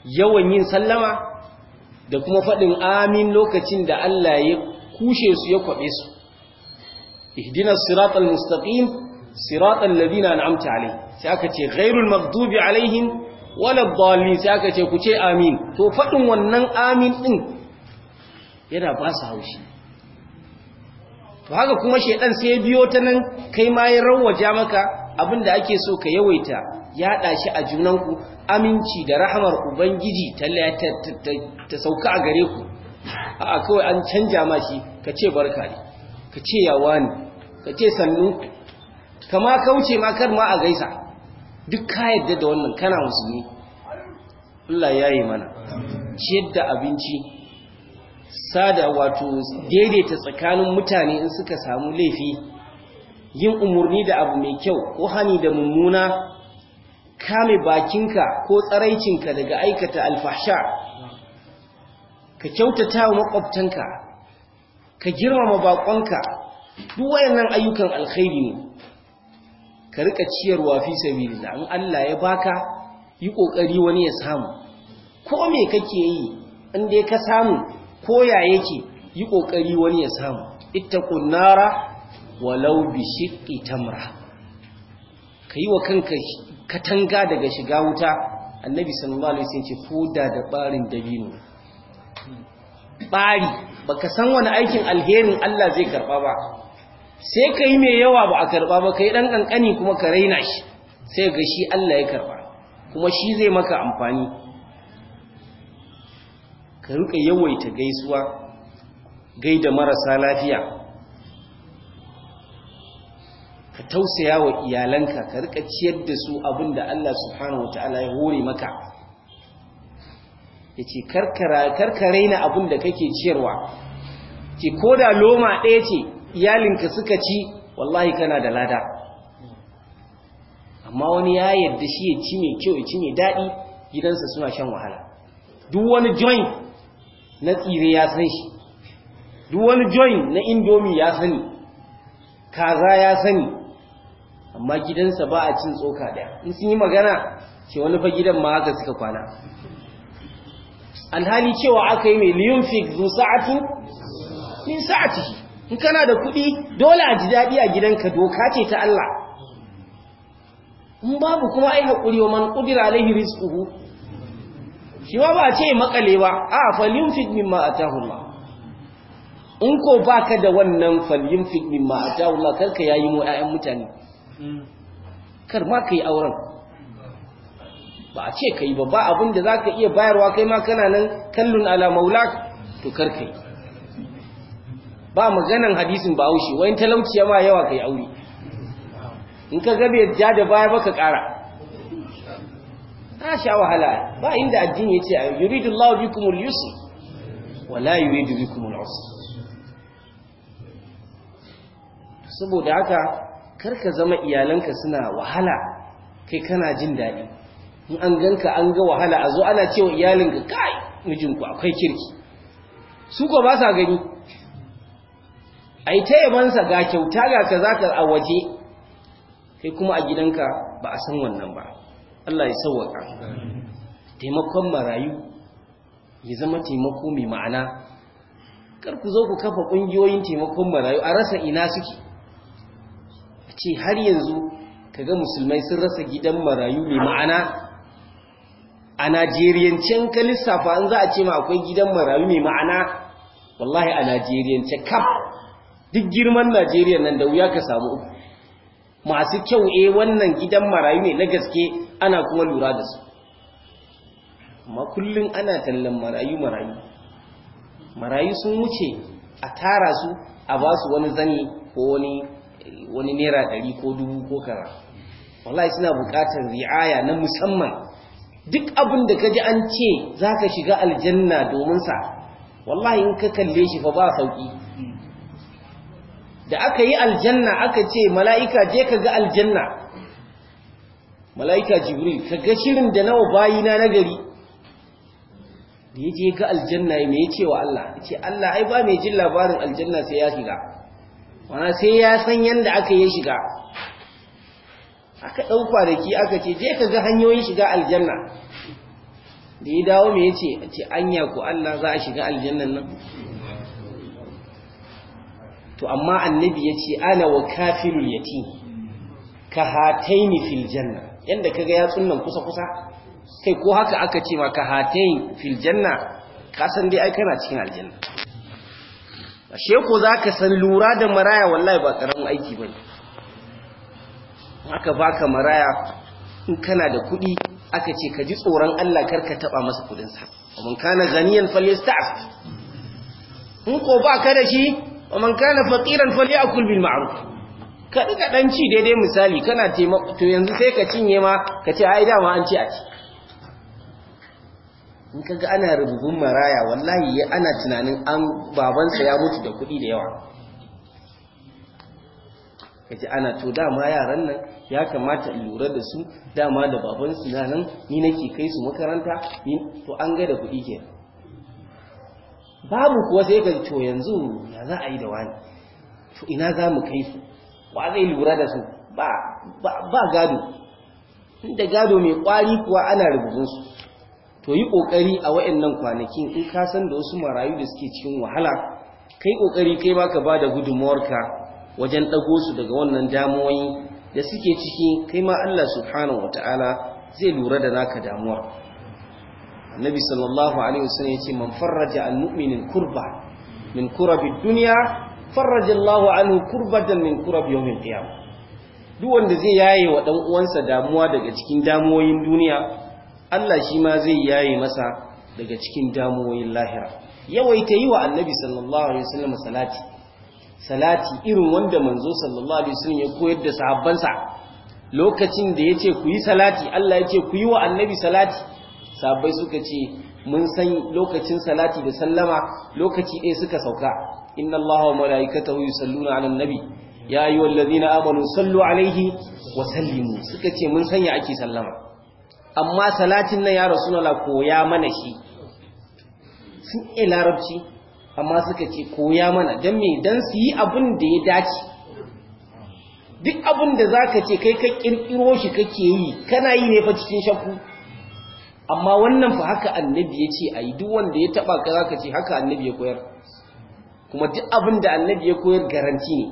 yawan yin sallama da kuma faɗin amin lokacin da Allah ya kushe su ya kwaɓe su ihdina siratal mustaqim siratal ladina an'amta alai sai aka ce ghairul maghdubi alaihim wala dhalin sai aka ce ku ce amin to faɗin wannan amin din yana ba su haushi to haka kuma shedan sai biyo ta nan kai ma ya rawaja maka abinda ake so ka yawaita yaɗa shi a junanku aminci da rahamar ubangiji ta sauka a gare ku a kawai an canja ma shi ka ce barka ne ka ce yawa ne ka ce sannu kama kauce ma kar ma a gaisa duk ka yadda da wannan kana musulmi Allah ya yi mana ciyar da abinci sada wato daidaita tsakanin mutane in suka samu laifi yin umarni da abu mai kyau ko hani da mummuna kame bakinka ko tsaraicinka daga aikata alfasha, ka kyautata wa makwabtanka ka girmama bakonka duk wayannan ayyukan alkhairi ne ka rika ciyarwa fi da in Allah ya baka yi kokari wani ya samu ko me kake yi in dai ka samu ko ya yake yi kokari wani ya samu ittaqun nara walau bi shiqqi tamra ka yi wa kanka katanga daga shiga wuta annabi sallallahu alaihi wasallam ce koda da barin dabino bari baka san wani aikin alherin Allah zai karba ba sai ka mai yawa ba a karba ba ka yi ɗan ƙanƙani kuma ka raina shi sai ga shi Allah ya karba kuma shi zai maka amfani ka rika yawaita gaisuwa gaida marasa lafiya ka tausaya wa iyalanka ka rika ciyar da su abin da Allah subhanahu ta'ala ya hore maka yace ce karkare na abin da kake ciyarwa ko da loma ɗaya ce iyalinka suka ci wallahi kana da lada amma wani ya yarda shi ya ci mai kyau ya ci mai daɗi gidansa suna shan wahala duk wani join na tsire ya san shi duk wani join na indomi ya sani kaza ya sani amma gidansa ba a cin tsoka daya in sun yi magana ce wani fa gidan ma haka suka kwana alhali cewa aka yi mai liyun fi sa'atu min sa'ati in kana da kuɗi dole a ji daɗi a gidanka doka ce ta Allah in babu kuma ai haƙuri wa man ƙudira alaihi rizquhu shi ma ba a ce makale ba a liyun fi mimma atahu in ko baka da wannan fa liyun fi mimma atahu Allah karka yayi mu ƴaƴan mutane kar ma ka yi auren ba a ce ka yi ba ba abin da za ka iya bayarwa kai ma kana nan kallon ala to kar ka yi ba maganan hadisin ba haushi talauci talauciya ma yawa ka yi aure in ka gabe ja da baya ba ka ƙara ta sha wahala ba inda addini ya ce a yuridun lawabi kuma al wala da bikum al saboda haka karka zama iyalanka suna wahala kai kana jin daɗi in an ganka an ga wahala a zo ana cewa iyalinka kai mijinku akwai kirki su ko ba sa gani a ta taimansa ga kyauta ga za ka a waje kai kuma a gidanka ba a san wannan ba Allah ya sauwaka taimakon marayu ya zama taimako mai ma'ana kar ku zo ku kafa ƙungiyoyin taimakon marayu a rasa ina suke ce har yanzu kaga musulmai sun rasa gidan marayu ne ma'ana a najeriyancen ka lissafa an za a ce ma akwai gidan marayu ne ma'ana wallahi a najeriyance kaf duk girman najeriya nan da wuya ka samu masu kyau e wannan gidan marayu ne na gaske ana kuma lura da su amma kullum ana tallan marayu marayu marayu sun wuce a tara su a ba su wani zani ko wani wani naira ɗari ko dubu ko kara wallahi suna buƙatar ri'aya na musamman duk abin da ka ji an ce za ka shiga aljanna domin sa wallahi in ka kalle shi fa ba sauƙi da aka yi aljanna aka ce mala'ika je ka ga aljanna mala'ika jibril ka ga shirin da nawa bayina na gari da ya je ga aljanna ya mai cewa Allah ya ce Allah ai ba mai jin labarin aljanna sai ya shiga wana sai ya san yadda aka yi shiga aka ɗau kwanaki aka ce je ka ga hanyoyin shiga aljanna da ya dawo mai ce a ce anya ku Allah za a shiga aljannan nan to amma annabi ya ce ana wa kafilul yati ka hataini fil janna Yadda kaga yatsun nan kusa kusa kai ko haka aka ce ma ka hataini fil janna kasan dai ai kana cikin aljanna ashe ko ka san lura da maraya wallahi ba karamin aiki bane aka baka maraya in kana da kuɗi aka ce ka ji tsoron Allah karka taba masa kudin sa man kana ganiyan falyasta'f in ko ka da shi man kana faqiran a bil ma'ruf ka duka dan ci daidai misali kana taimako to yanzu sai ka cinye ma ka ce ai dama an ci a ci in kaga ana rububin maraya wallahi ana tunanin an babansa ya mutu da kuɗi da yawa kaji ana to dama yaran nan ya kamata in lura da su dama da babansu na nan ni nake kai su makaranta to an ga da kuɗi ke babu kuwa sai ka to yanzu ya za a yi da wani to ina za mu kai su wa zai lura da su ba gado inda gado mai kwari kuwa ana rububinsu to yi kokari a wayannan kwanakin in ka san da wasu marayu da suke cikin wahala kai kokari kai ba ka bada gudunmuwarka wajen ɗago su daga wannan damuwoyi da suke ciki kai ma Allah subhanahu wataala zai lura da naka damuwar annabi sallallahu alaihi wasallam yace man farraja al mu'minin kurba min kurabi dunya farraja Allah anhu kurbatan min kurabi yawmil qiyamah duk wanda zai yaye wa dan uwansa damuwa daga cikin damuwoyin duniya Allah shi ma zai yaye masa daga cikin damuwoyin lahira yawaita yi wa annabi sallallahu alaihi wasallam salati salati irin wanda manzo sallallahu alaihi wasallam ya koyar da sahabbansa lokacin da yace ku yi salati Allah yace ku yi wa annabi salati sahabbai suka ce mun san lokacin salati da sallama lokaci ɗaya suka sauka inna Allah wa malaikatahu yusalluna 'alan nabi ya ayyuhallazina amanu sallu alaihi wa sallimu suka ce mun sanya ake sallama amma salatin nan ya na koya mana shi sun iya larabci amma suka ce koya mana don me don su yi abin da ya dace duk abin da za ka ce kai ka ƙirƙiro shi kake yi kana yi ne fa cikin shakku amma wannan fa haka annabi ya ce a yi duk wanda ya taɓa ka za ka ce haka annabi ya koyar kuma duk abin da annabi ya koyar garanti ne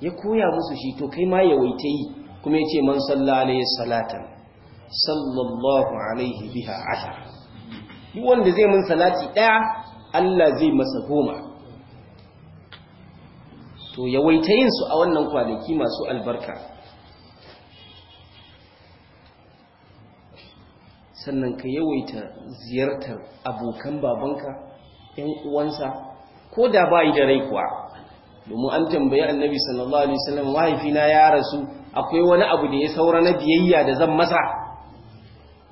ya koya musu shi to kai ma yawaita yi kuma ya ce man salla ya salatan sallallahu alaihi biha ashar duk wanda zai mun salati ɗaya Allah zai masa goma to yawaita yin su a wannan kwanaki masu albarka sannan ka yawaita ziyartar abokan babanka ‘yan uwansa ko da bayi da rai kuwa domin an tambayi annabi sallallahu alaihi wasallam mahaifina ya rasu akwai wani abu da ya saura na biyayya da zan masa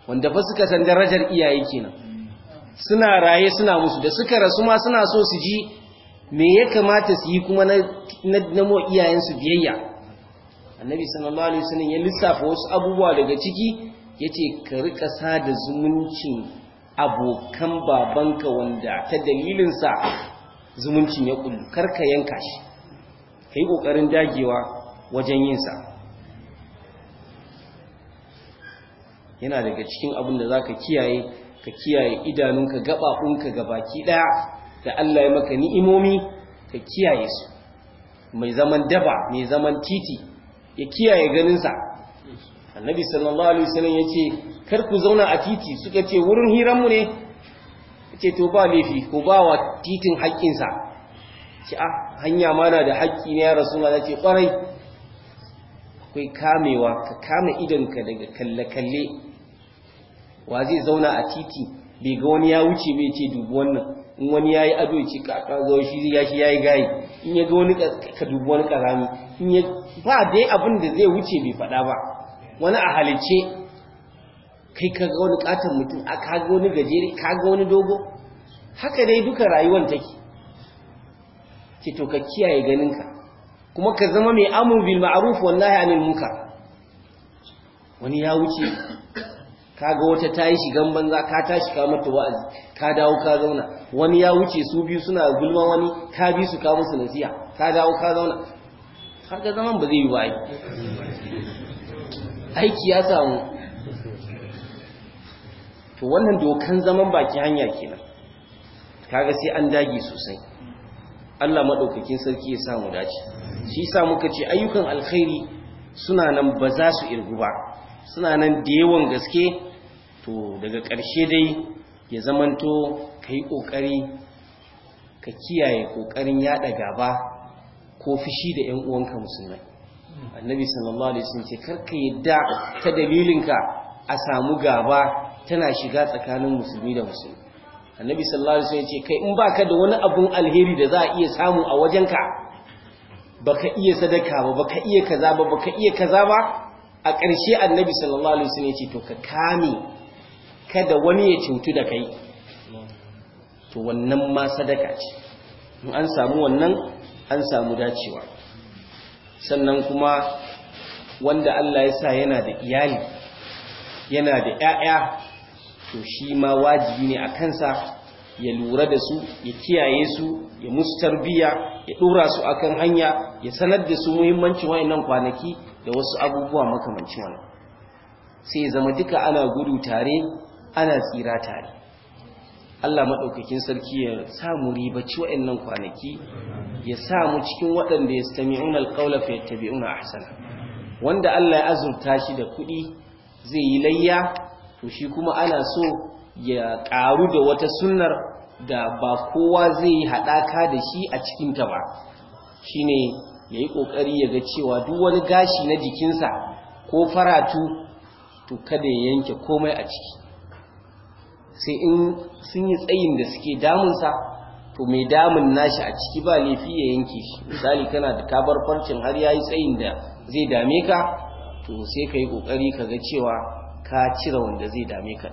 wanda ba suka san darajar iyaye kenan suna raye suna musu da suka rasu ma suna so su ji me ya kamata su yi kuma na mo iyayensu biyayya annabi sallallahu alaihi wasallam ya lissafa wasu abubuwa daga ciki yace ka rika sada zumuncin abokan babanka wanda ta dalilin sa zumuncin ya kullu karka yanka shi kai kokarin dagewa wajen yin sa yana daga cikin abin da za ka kiyaye ka kiyaye idanunka ga baki ɗaya da Allah ya maka ni'imomi ka kiyaye su mai zaman daba mai zaman titi ya kiyaye ganinsa annabi sallallahu alaihi wasallam yace kar ku zauna a titi suka ce wurin hiranmu ne yace to ba laifi ko ba wa titin haƙƙinsa ce ah hanya mana da haƙƙi ne ya rasulullah yace kwarai akwai kamewa ka kama idanka daga kalle-kalle wa zai zauna a titi bai ga wani ya wuce bai ce dubu wannan in wani ya yi ado ya ce kaka zo shi ya shi ya yi gayi in ya ga wani ka dubu wani karami in ya ba dai abin da zai wuce bai faɗa ba wani a halice kai ka ga wani katon mutum a ka ga wani gajere ka ga wani dogo haka dai duka rayuwar take ce to ka kiyaye ganinka kuma ka zama mai amu bil ma'ruf wallahi anil munkar wani ya wuce kaga wata ta yi shigan banza ka tashi ka mata wa'azi ka dawo ka zauna wani ya wuce su biyu suna gulman wani ka bi su ka musu nasiha ka dawo ka zauna kaga zaman ba zai yi ba aiki ya samu to wannan dokan zaman baki hanya kenan kaga sai an dage sosai Allah madaukakin sarki ya samu dace shi sa muka ce ayyukan alkhairi suna nan ba za su irgu ba suna nan da yawan gaske to daga ƙarshe dai ya zamanto ka yi ƙoƙari ka kiyaye ƙoƙarin yaɗa gaba ko fushi da 'yan uwanka musulmai annabi sallallahu alaihi wasallam ce karka yadda ta dalilinka a samu gaba tana shiga tsakanin musulmi da musulmi annabi sallallahu alaihi wasallam ce kai in baka da wani abun alheri da za a iya samu a wajenka baka iya sadaka ba baka iya kaza ba baka iya kaza ba a ƙarshe annabi sallallahu alaihi wasallam ya ce to ka kame kada wani ya cutu da kai to wannan ma sadaka ce in an samu wannan an samu dacewa sannan kuma wanda Allah ya sa yana da iyali yana da ‘ya'ya to shi ma wajibi ne a kansa ya lura da su ya kiyaye su ya musu tarbiya ya ɗora su akan hanya ya sanar da su muhimmancin wayannan kwanaki da wasu abubuwa makamancin wannan sai zama duka ana gudu tare ana tsira tare Allah maɗaukakin sarki ya samu ribaci waɗannan kwanaki ya samu cikin waɗanda ya sami unar ya tabi'una unar wanda Allah ya azurta shi da kuɗi zai yi layya to shi kuma ana so ya ƙaru da wata sunnar da ba kowa zai yi haɗaka da shi a cikinta ba shi ne ya yi ƙoƙari ya ga cewa duk wani gashi na jikinsa ko faratu to kada ya yanke komai a ciki sai in sun yi tsayin da suke damunsa to mai damun nashi a ciki ba laifi ya yanke shi misali kana da kabar farcin har ya yi tsayin da zai dame ka to sai ka yi ƙoƙari ka ga cewa ka cire wanda zai dame ka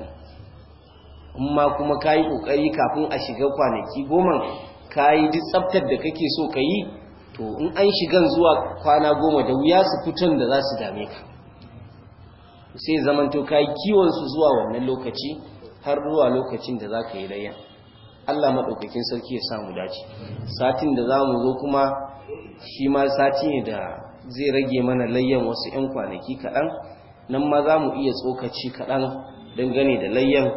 amma kuma ka yi ƙoƙari kafin a shiga kwanaki goma ka yi duk tsaftar da kake so ka yi to in an shigan zuwa kwana goma da wuya su fitan da za su dame ka sai zamanto ka yi kiwonsu zuwa wannan lokaci har zuwa lokacin da za ka yi layya Allah maɗaukakin sarki ya samu dace satin da za mu zo kuma shi ma sati ne da zai rage mana layyan wasu 'yan kwanaki kaɗan nan ma za mu iya tsokaci kaɗan gane da layyan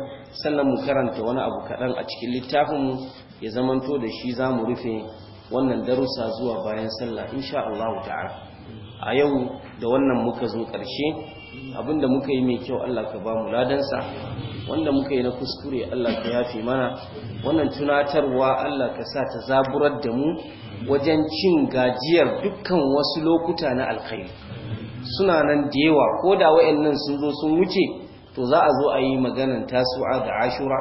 sannan mu karanta wani abu kaɗan a cikin littafin mu ya zamanto da shi za mu rufe wannan darussa zuwa bayan sallah insha Allah ta'ala a yau da wannan muka zo ƙarshe abinda muka yi mai kyau Allah ka ba mu ladansa wanda muka yi na kuskure Allah ka yafe mana wannan tunatarwa Allah ka sa ta zaburar da mu wajen cin gajiyar dukkan wasu lokuta na alkhairi suna nan da yawa ko da wayannan sun zo sun wuce to za a zo a yi maganan tasu'a da ashura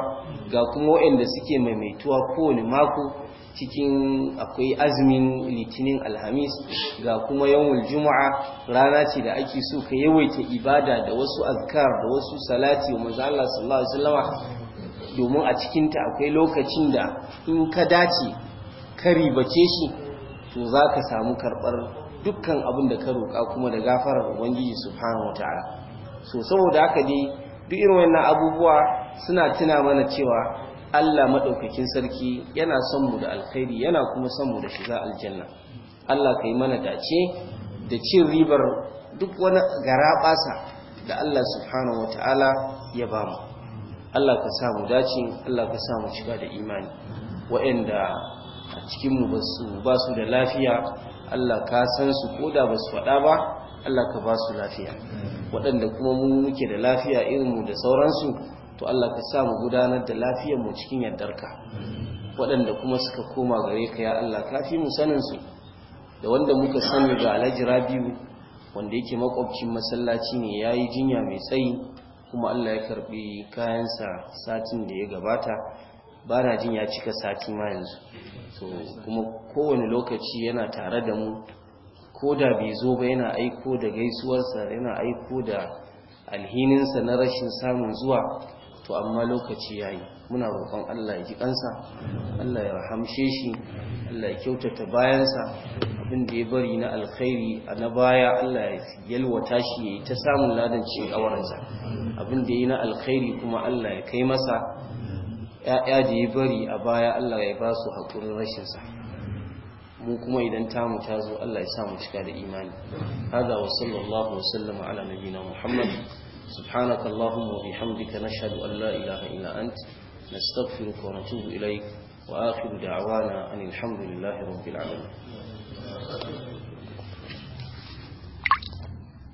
ga kuma wayanda suke maimaituwa kowane mako cikin akwai azumin litinin alhamis ga kuma yawon juma'a rana ce da ake so ka yawaita ibada da wasu azkar da wasu salati wa Allah sallallahu alaihi domin a cikinta akwai lokacin da in ka dace ka ribace shi to za ka samu karɓar dukkan abin da ka roƙa kuma da gafarar ubangiji subhanahu wataala so saboda haka dai duk irin wannan abubuwa suna tuna mana cewa Allah maɗaukakin sarki yana son mu da alkhairi yana kuma son mu da shiga aljanna Allah ka yi mana dace da cin ribar duk wani garaɓasa da Allah subhanahu ya ba mu Allah ka sa mu dace Allah ka sa mu shiga da imani waɗanda a cikinmu ba su da lafiya Allah ka san su koda da ba su faɗa ba Allah ka ba su lafiya waɗanda kuma mu muke da lafiya irinmu da sauransu to Allah ka sa mu gudanar da lafiyar mu cikin yardarka waɗanda kuma suka koma gare ka ya Allah ka fi mu sanin su da wanda muka sani ga Alhaji Rabiu wanda yake makwabcin masallaci ne yayi jinya mai tsayi kuma Allah ya karbi kayansa satin da ya gabata ba na jin ya cika sati ma yanzu so kuma kowane lokaci yana tare da mu ko da bai zo ba yana aiko da gaisuwarsa yana aiko da alhininsa na rashin samun zuwa to amma lokaci ya yi, muna roƙon Allah ya ji kansa Allah ya rahamshe shi Allah ya kyautata bayansa abin da ya bari na alkhairi na baya Allah ya yalwata shi ya ta samun ladan ci awaransa abin da yi na alkhairi kuma Allah ya kai masa ya'ya da ya bari a baya Allah ya ba su haƙurin rashinsa mu kuma idan tamu ta zo Allah ya sa mu cika da imani hada wa sallallahu wa sallama ala nabiyina muhammad سبحانك اللهم وبحمدك نشهد أن لا إله إلا أنت نستغفرك ونتوب إليك وآخر دعوانا أن الحمد لله رب العالمين